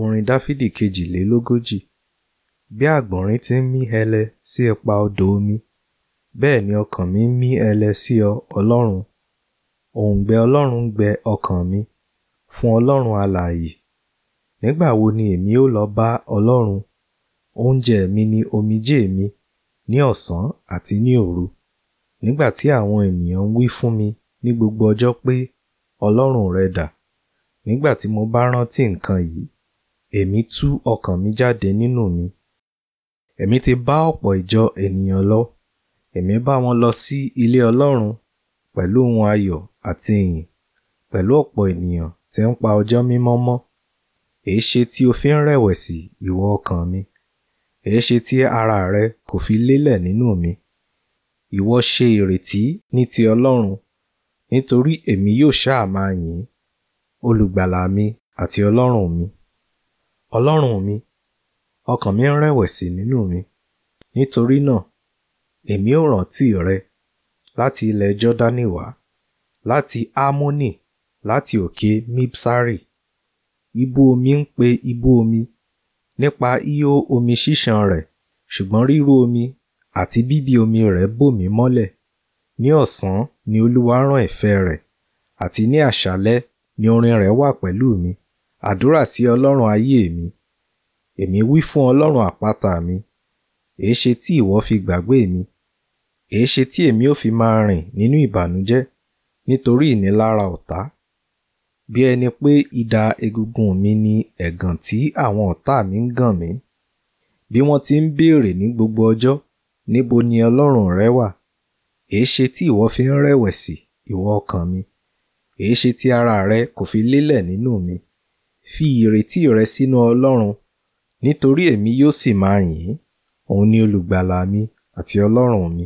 Orin Dáfídì kejìlélógójì. Bí àgbọ̀nrín ti ń mí hẹlẹ sí ipa odò omi, bẹ́ẹ̀ ni ọkàn mi ń mí hẹlẹ sí ọ, Ọlọ́run. Òǹgbẹ Ọlọ́run ń gbẹ ọkàn mi fún Ọlọ́run alààyè. Nígbà wo ni èmi ó lọ bá Ọlọ́run? Oúnjẹ mi ni omijé mi ní ọ̀sán àti ní òru, nígbà tí àwọn ènìyàn ń wí fún mi ní gbogbo ọjọ́ pé, “Ọlọ́run rẹ dà?” Nígbà tí mo bá rántí nǹkan yìí, èmi tú ọkàn mi jáde nínú mi. Èmi ti bá ọ̀pọ̀ ìjọ ènìyàn lọ. Èmi bá wọn lọ sí ilé Ọlọ́run pẹ̀lú ohun ayọ̀ àti ìyìn pẹ̀lú ọ̀pọ̀ ènìyàn tí ń pa ọjọ́ mímọ́ mọ́. Èéṣe tí o fi ń rẹ̀wẹ̀sì ìwọ ọkàn mi? Èéṣe tí ara rẹ kò fi lélẹ̀ nínú mi? Ìwọ ṣe ìrètí ní ti Ọlọ́run, nítorí èmi yóò ṣáà máa yìn ín, Olùgbàlà mi àti Ọlọ́run mi. Ọlọ́run mi, ọkàn mi ń rẹ̀wẹ̀sì nínú mi, nítorí náà èmi ó rántí rẹ láti ilẹ̀ Jọ́dánì wá, láti Ámónì láti òkè Mibsari. Ibú omi ń pe ibú omi nípa yíyó omi ṣíṣàn rẹ̀ ṣùgbọ́n rírú omi àti bíbì omi rẹ̀ bò mọ́lẹ̀. Ní ọ̀sán ni Olúwa rán ìfẹ́ rẹ̀, àti ní àṣálẹ́ ni orin rẹ̀ wà pẹ̀lú mi. Àdúrà sí Ọlọ́run ayé mi. Èmi wí fún Ọlọ́run àpáta mi. Èéṣe tí ìwọ fi gbàgbé mi? Èéṣe tí èmi ò fi máa rìn nínú ìbànújẹ́ nítorí ìnilára ọ̀tá? Bí ẹni pé idà egungun mi ni ẹ̀gàn tí àwọn ọ̀tá mi ń gàn mí. Bí wọ́n ti ń béèrè ní gbogbo ọjọ́, níbo ni Ọlọ́run rẹ wà? Èéṣe tí ìwọ fi ń rẹ̀wẹ̀sì, ìwọ ọkàn mi? Èéṣe tí ara rẹ kò fi lélẹ̀ nínú mi? fi ìrètí rẹ sínú Ọlọ́run, nítorí èmi yóò sì máa yìn ín, òun ni olùgbàlà mi àti Ọlọ́run mi.